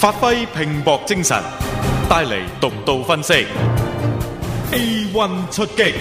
發揮拼搏精神，帶嚟獨到分析。A1 出擊。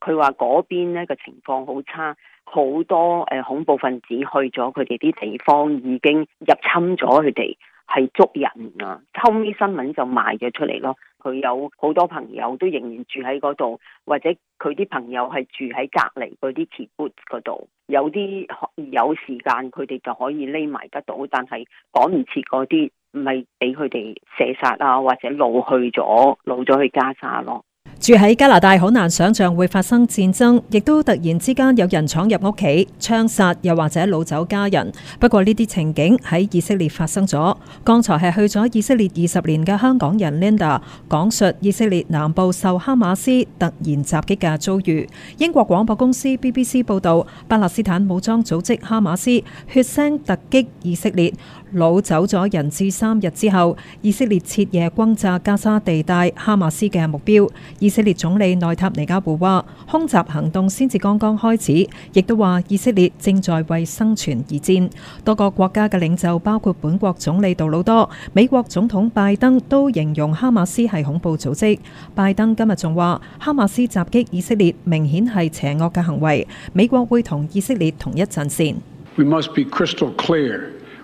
佢話嗰邊呢個情況好差，好多誒恐怖分子去咗佢哋啲地方，已經入侵咗佢哋。係捉人啊，後尾新聞就賣咗出嚟咯。佢有好多朋友都仍然住喺嗰度，或者佢啲朋友係住喺隔籬嗰啲 Kibbutz 嗰度，有啲有時間佢哋就可以匿埋得到，但係趕唔切嗰啲，咪俾佢哋射殺啊，或者老去咗老咗去加沙咯、啊。住喺加拿大好難想象會發生戰爭，亦都突然之間有人闖入屋企槍殺，槍殺又或者擄走家人。不過呢啲情景喺以色列發生咗。剛才係去咗以色列二十年嘅香港人 Linda 講述以色列南部受哈馬斯突然襲擊嘅遭遇。英國廣播公司 BBC 報道，巴勒斯坦武裝組織哈馬斯血腥突擊以色列。老走咗人質三日之後，以色列徹夜轟炸加沙地帶哈馬斯嘅目標。以色列總理內塔尼亞胡話：空襲行動先至剛剛開始，亦都話以色列正在為生存而戰。多個國家嘅領袖，包括本國總理杜魯多、美國總統拜登，都形容哈馬斯係恐怖組織。拜登今日仲話：哈馬斯襲擊以色列，明顯係邪惡嘅行為。美國會同以色列同一陣線。We must be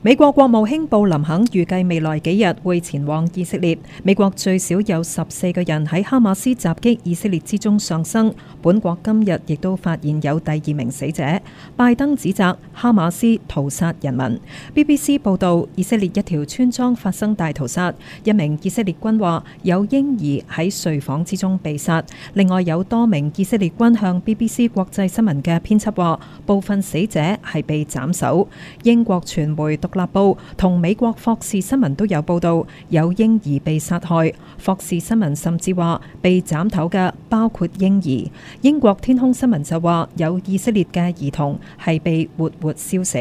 美國國務卿布林肯預計未來幾日會前往以色列。美國最少有十四個人喺哈馬斯襲擊以色列之中喪生，本國今日亦都發現有第二名死者。拜登指責哈馬斯屠殺人民。BBC 報道，以色列一條村莊發生大屠殺，一名以色列軍話有嬰兒喺睡房之中被殺。另外有多名以色列軍向 BBC 國際新聞嘅編輯話，部分死者係被斬首。英國傳媒都《立報》同美國《霍士新聞》都有報道，有嬰兒被殺害，《霍士新聞》甚至話被斬頭嘅包括嬰兒。英國《天空新聞》就話有以色列嘅兒童係被活活燒死。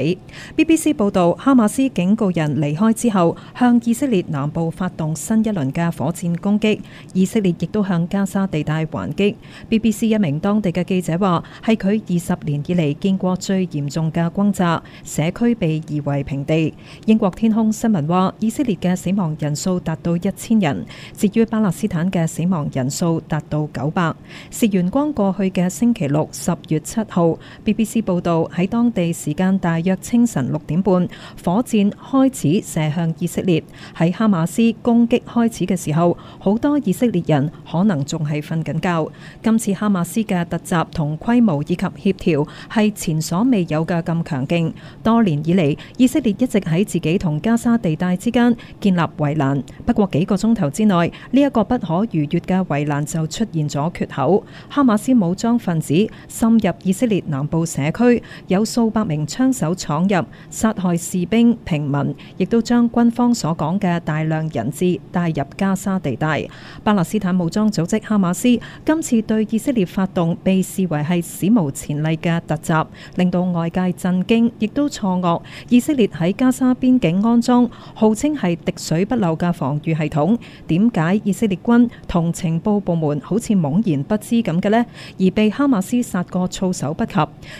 BBC 報道，哈馬斯警告人離開之後，向以色列南部發動新一輪嘅火箭攻擊。以色列亦都向加沙地帶還擊。BBC 一名當地嘅記者話：係佢二十年以嚟見過最嚴重嘅轟炸，社區被夷為平地。英國天空新聞話，以色列嘅死亡人數達到一千人，至於巴勒斯坦嘅死亡人數達到九百。事緣光過去嘅星期六，十月七號，BBC 報道喺當地時間大約清晨六點半，火箭開始射向以色列。喺哈馬斯攻擊開始嘅時候，好多以色列人可能仲係瞓緊覺。今次哈馬斯嘅突襲同規模以及協調係前所未有嘅咁強勁。多年以嚟，以色列一一直喺自己同加沙地帶之間建立圍欄，不過幾個鐘頭之內，呢一個不可逾越嘅圍欄就出現咗缺口。哈馬斯武裝分子深入以色列南部社區，有數百名槍手闖入，殺害士兵、平民，亦都將軍方所講嘅大量人質帶入加沙地帶。巴勒斯坦武裝組織哈馬斯今次對以色列發動被視為係史無前例嘅突襲，令到外界震驚，亦都錯愕。以色列喺加沙邊境安裝號稱係滴水不漏嘅防禦系統，點解以色列軍同情報部門好似懵然不知咁嘅呢？而被哈馬斯殺過措手不及。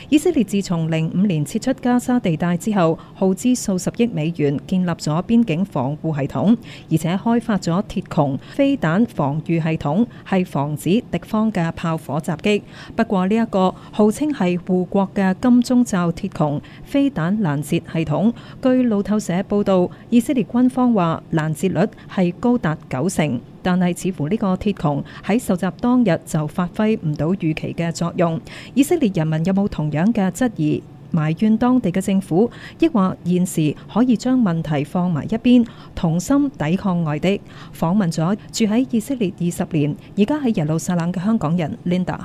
以色列自從零五年撤出加沙地帶之後，耗資數十億美元建立咗邊境防護系統，而且開發咗鐵穹飛彈防禦系統，係防止敵方嘅炮火襲擊。不過呢、這、一個號稱係護國嘅金鐘罩鐵穹飛彈攔截系統。據路透社報道，以色列軍方話攔截率係高達九成，但係似乎呢個鐵穹喺受襲當日就發揮唔到預期嘅作用。以色列人民有冇同樣嘅質疑，埋怨當地嘅政府，抑或現時可以將問題放埋一邊，同心抵抗外敵？訪問咗住喺以色列二十年，而家喺耶路撒冷嘅香港人 Linda。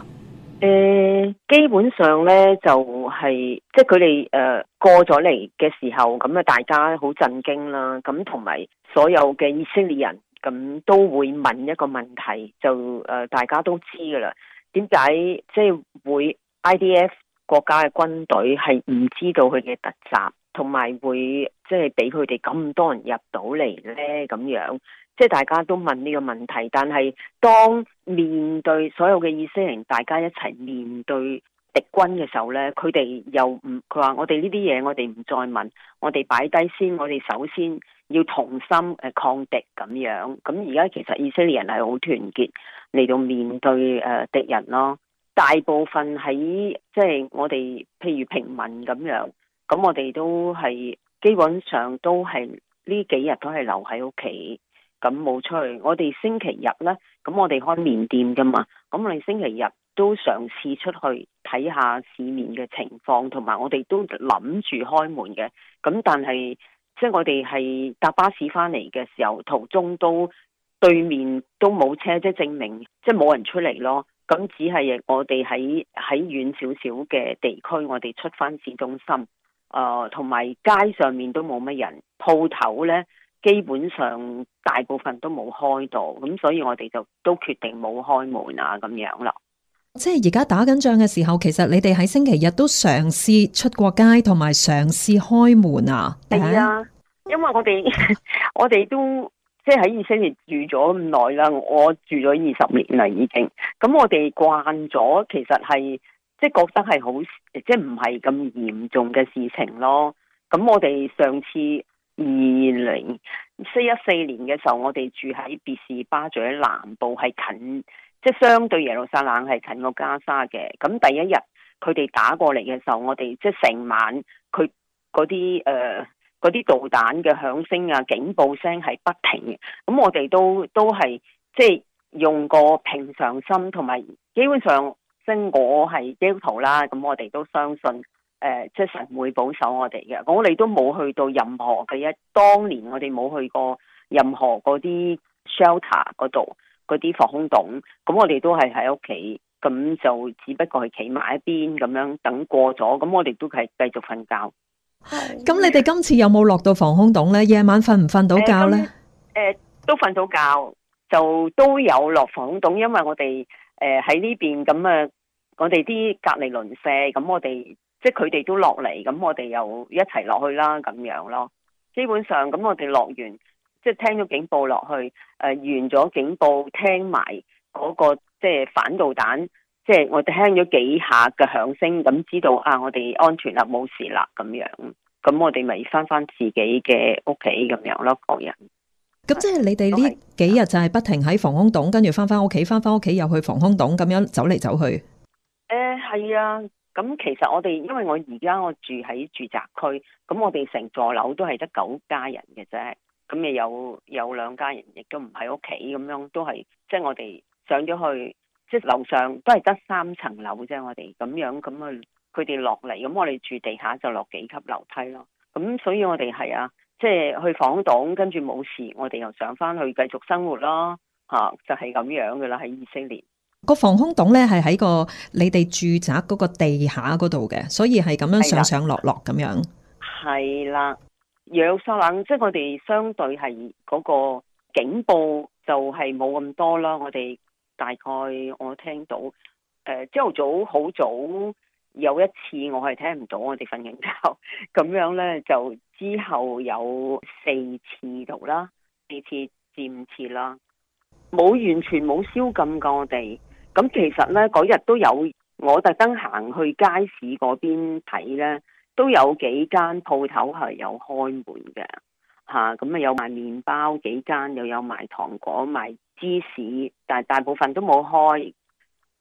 誒、呃、基本上咧就係、是，即係佢哋誒過咗嚟嘅時候，咁啊大家好震驚啦。咁同埋所有嘅以色列人，咁、嗯、都會問一個問題，就誒、呃、大家都知㗎喇，點解即係會 IDF 國家嘅軍隊係唔知道佢嘅突襲，同埋會即係俾佢哋咁多人入到嚟咧咁樣？即係大家都問呢個問題，但係當面對所有嘅以色列人，大家一齊面對敵軍嘅時候咧，佢哋又唔，佢話我哋呢啲嘢，我哋唔再問，我哋擺低先。我哋首先要同心誒抗敵咁樣，咁而家其實以色列人係好團結嚟到面對誒敵人咯。大部分喺即係我哋譬如平民咁樣，咁我哋都係基本上都係呢幾日都係留喺屋企。咁冇出去，我哋星期日呢，咁我哋開麵店噶嘛，咁我哋星期日都嘗試出去睇下市面嘅情況，同埋我哋都諗住開門嘅，咁但係即係我哋係搭巴士翻嚟嘅時候，途中都對面都冇車，即係證明即係冇人出嚟咯。咁只係我哋喺喺遠少少嘅地區，我哋出翻市中心，誒、呃，同埋街上面都冇乜人，鋪頭呢。基本上大部分都冇開到，咁所以我哋就都決定冇開門啊，咁樣啦。即係而家打緊仗嘅時候，其實你哋喺星期日都嘗試出過街，同埋嘗試開門啊？係啊，因為我哋我哋都即係喺以色列住咗咁耐啦，我住咗二十年啦已經。咁我哋慣咗，其實係即係覺得係好，即係唔係咁嚴重嘅事情咯。咁我哋上次。二零四一四年嘅時候，我哋住喺別士巴，住喺南部，係近，即係相對耶路撒冷係近過加沙嘅。咁第一日佢哋打過嚟嘅時候我，我哋即係成晚佢嗰啲誒嗰啲導彈嘅響聲啊、警報聲係不停嘅。咁我哋都都係即係用個平常心，同埋基本上即係我係基督徒啦，咁我哋都相信。誒、呃，即係神會保守我哋嘅，我哋都冇去到任何嘅一，當年我哋冇去過任何嗰啲 shelter 嗰度，嗰啲防空洞，咁我哋都係喺屋企，咁就只不過係企埋一邊咁樣等過咗，咁我哋都係繼續瞓覺。咁你哋今次有冇落到防空洞呢？夜晚瞓唔瞓到覺呢？誒、嗯嗯嗯嗯，都瞓到覺，就都有落防空洞，因為我哋誒喺呢邊咁啊、嗯嗯嗯，我哋啲隔離鄰舍，咁、嗯、我哋。即係佢哋都落嚟，咁我哋又一齊落去啦，咁樣咯。基本上咁，我哋落完，即係聽咗警報落去，誒、呃、完咗警報，聽埋嗰、那個即係反導彈，即係我哋聽咗幾下嘅響聲，咁知道啊，我哋安全啦，冇事啦，咁樣。咁我哋咪翻翻自己嘅屋企咁樣咯，各人。咁即係你哋呢幾日就係不停喺防空洞，跟住翻翻屋企，翻翻屋企又去防空洞，咁樣走嚟走去？誒係、欸、啊！咁其實我哋，因為我而家我住喺住宅區，咁我哋成座樓都係得九家人嘅啫。咁又有有兩家人亦都唔喺屋企咁樣都，都係即係我哋上咗去，即係樓上都係得三層樓啫。我哋咁樣咁啊，佢哋落嚟，咁我哋住地下就落幾級樓梯咯。咁所以我哋係啊，即係去防空洞，跟住冇事，我哋又上返去繼續生活咯。吓、啊，就係、是、咁樣噶啦，喺以色列。個防空洞咧，係喺個你哋住宅嗰個地下嗰度嘅，所以係咁樣上上落落咁樣。係啦，耶路撒冷，即係我哋相對係嗰個警報就係冇咁多啦。我哋大概我聽到誒朝頭早好早有一次我係聽唔到我，我哋瞓緊覺咁樣咧，就之後有四次度啦，四次至五次啦，冇完全冇消禁過我哋。咁其實咧，嗰日都有我特登行去街市嗰邊睇咧，都有幾間鋪頭係有開門嘅吓，咁啊，有賣麵包幾間，又有賣糖果、賣芝士，但係大部分都冇開。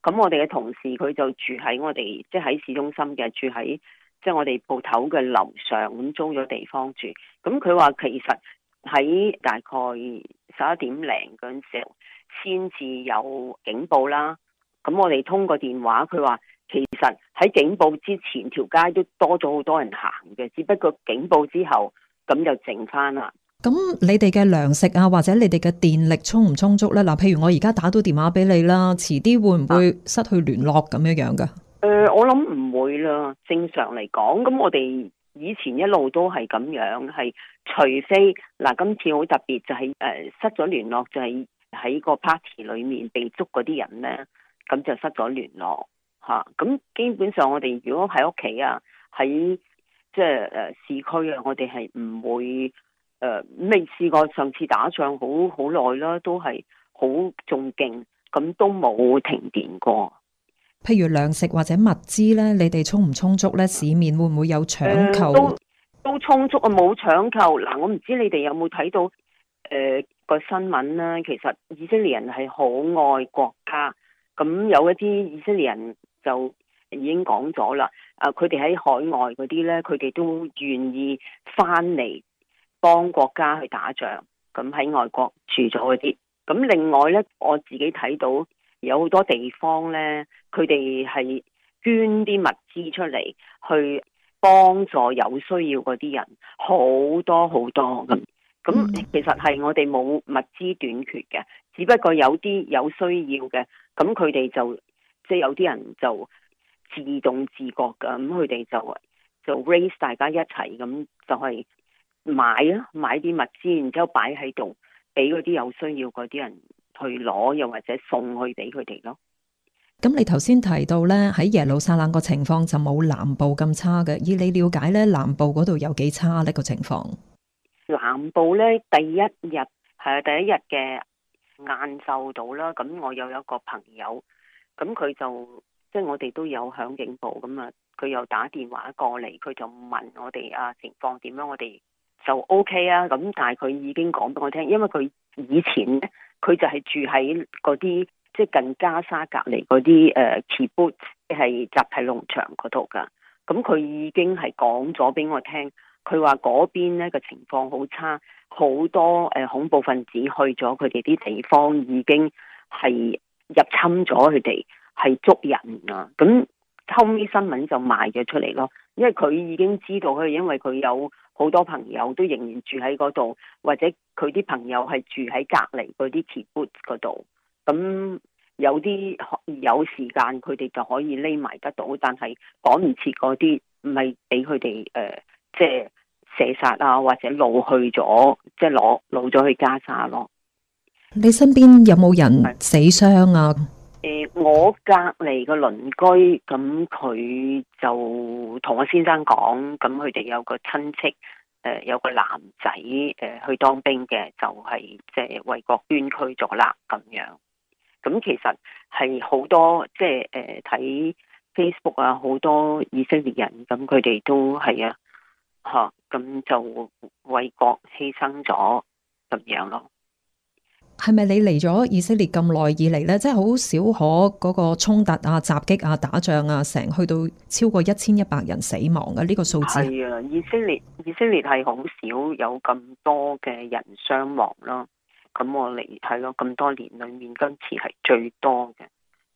咁我哋嘅同事佢就住喺我哋即係喺市中心嘅，住喺即係我哋鋪頭嘅樓上咁租咗地方住。咁佢話其實喺大概十一點零嗰陣時先至有警報啦。咁我哋通過電話，佢話其實喺警報之前條街都多咗好多人行嘅，只不過警報之後咁就剩翻啦。咁你哋嘅糧食啊，或者你哋嘅電力充唔充足咧？嗱，譬如我而家打到電話俾你啦，遲啲會唔會失去聯絡咁樣樣嘅？誒、呃，我諗唔會啦。正常嚟講，咁我哋以前一路都係咁樣，係除非嗱今次好特別、就係，就係誒失咗聯絡，就係喺個 party 裏面被捉嗰啲人咧。咁就失咗聯絡嚇，咁、啊、基本上我哋如果喺屋企啊，喺即係誒市區啊，我哋係唔會誒未、呃、試過上次打仗好好耐啦，都係好仲勁，咁都冇停電過。譬如糧食或者物資咧，你哋充唔充足咧？市面會唔會有搶購？都都充足啊，冇搶購。嗱，我唔知你哋有冇睇到誒個、呃、新聞呢。其實以色列人係好愛國家。咁有一啲以色列人就已經講咗啦，啊，佢哋喺海外嗰啲咧，佢哋都願意翻嚟幫國家去打仗。咁喺外國住咗嗰啲，咁另外咧，我自己睇到有好多地方咧，佢哋係捐啲物資出嚟去幫助有需要嗰啲人，好多好多咁。咁其實，係我哋冇物資短缺嘅。只不過有啲有需要嘅，咁佢哋就即係、就是、有啲人就自動自覺噶，咁佢哋就就 raise 大家，一齊咁就係買啊，買啲物資，然之後擺喺度，俾嗰啲有需要嗰啲人去攞，又或者送去俾佢哋咯。咁你頭先提到咧，喺耶路撒冷個情況就冇南部咁差嘅。以你了解咧，南部嗰度有幾差呢個情況？南部咧，第一日，係第一日嘅。晏晝到啦，咁我又有一個朋友，咁佢就即係我哋都有響警報咁啊，佢又打電話過嚟，佢就問我哋啊情況點樣，我哋就 OK 啊，咁但係佢已經講俾我聽，因為佢以前咧，佢就係住喺嗰啲即係近加沙隔離嗰啲誒 Kibbutz 係集體農場嗰度噶，咁佢已經係講咗俾我聽。佢話嗰邊咧，個情況好差，好多誒、呃、恐怖分子去咗佢哋啲地方，已經係入侵咗佢哋，係捉人啊！咁後尾新聞就賣咗出嚟咯，因為佢已經知道，佢因為佢有好多朋友都仍然住喺嗰度，或者佢啲朋友係住喺隔離嗰啲 Kibbutz 嗰度，咁有啲有時間佢哋就可以匿埋得到，但係趕唔切嗰啲，唔係俾佢哋誒。呃即係射殺啊，或者老去咗，即係攞老咗去加沙咯、啊。你身邊有冇人死傷啊？誒的、呃，我隔籬個鄰居咁，佢就同我先生講，咁佢哋有個親戚誒、呃，有個男仔誒去當兵嘅，就係即係為國捐軀咗啦。咁樣咁其實係好多即係誒睇、呃、Facebook 啊，好多以色列人咁，佢哋都係啊。吓咁、啊、就為國犧牲咗咁樣咯，係咪你嚟咗以色列咁耐以嚟呢，即係好少可嗰個衝突啊、襲擊啊、打仗啊，成去到超過一千一百人死亡嘅呢、這個數字？係啊，以色列以色列係好少有咁多嘅人傷亡咯。咁我嚟睇咗咁多年裏面今次係最多嘅，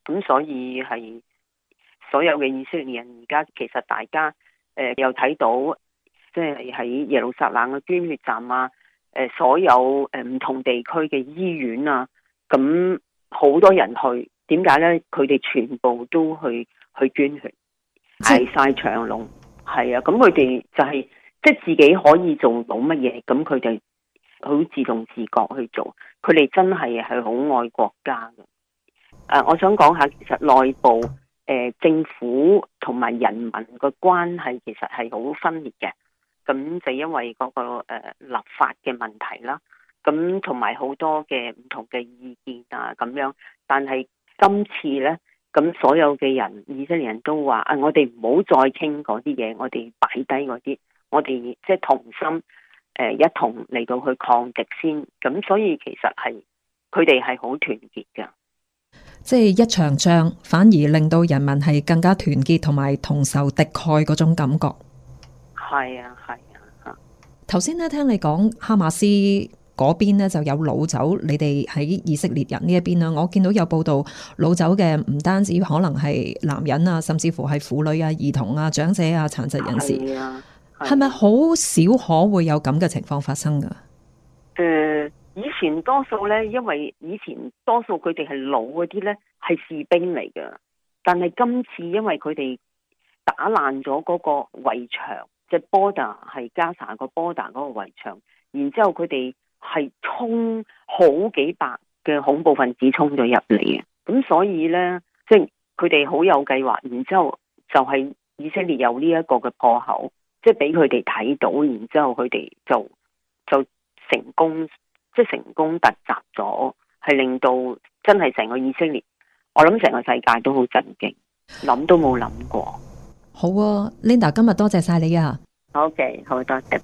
咁所以係所有嘅以色列人而家其實大家誒、呃、又睇到。即係喺耶路撒冷嘅捐血站啊，誒、呃，所有誒唔同地區嘅醫院啊，咁、嗯、好多人去，點解咧？佢哋全部都去去捐血，排晒長龍，係啊，咁佢哋就係、是、即係自己可以做到乜嘢，咁佢哋好自動自覺去做，佢哋真係係好愛國家嘅。誒、呃，我想講下，其實內部誒、呃、政府同埋人民嘅關係，其實係好分裂嘅。咁就因為嗰個誒立法嘅問題啦，咁同埋好多嘅唔同嘅意見啊，咁樣。但係今次呢，咁所有嘅人，以色列人都話啊，我哋唔好再傾嗰啲嘢，我哋擺低嗰啲，我哋即係同心誒、呃、一同嚟到去抗敵先。咁所以其實係佢哋係好團結噶，即係一場仗反而令到人民係更加團結同埋同仇敵愾嗰種感覺。係啊，係啊。頭先咧，聽你講哈馬斯嗰邊咧就有擄走，你哋喺以色列人呢一邊啦。我見到有報道擄走嘅唔單止可能係男人啊，甚至乎係婦女啊、兒童啊、長者啊、殘疾人士，係咪好少可會有咁嘅情況發生噶？誒、呃，以前多數呢，因為以前多數佢哋係擄嗰啲呢係士兵嚟噶，但係今次因為佢哋打爛咗嗰個圍牆。即係 border 係加沙個 border，嗰個圍牆，然之後佢哋係衝好幾百嘅恐怖分子衝咗入嚟啊！咁所以咧，即係佢哋好有計劃，然之後就係以色列有呢一個嘅破口，即係俾佢哋睇到，然之後佢哋就就成功，即係成功突襲咗，係令到真係成個以色列，我諗成個世界都好震驚，諗都冇諗過。好啊，Linda 啊今日多謝晒你啊！Okay, 好嘅，好多謝。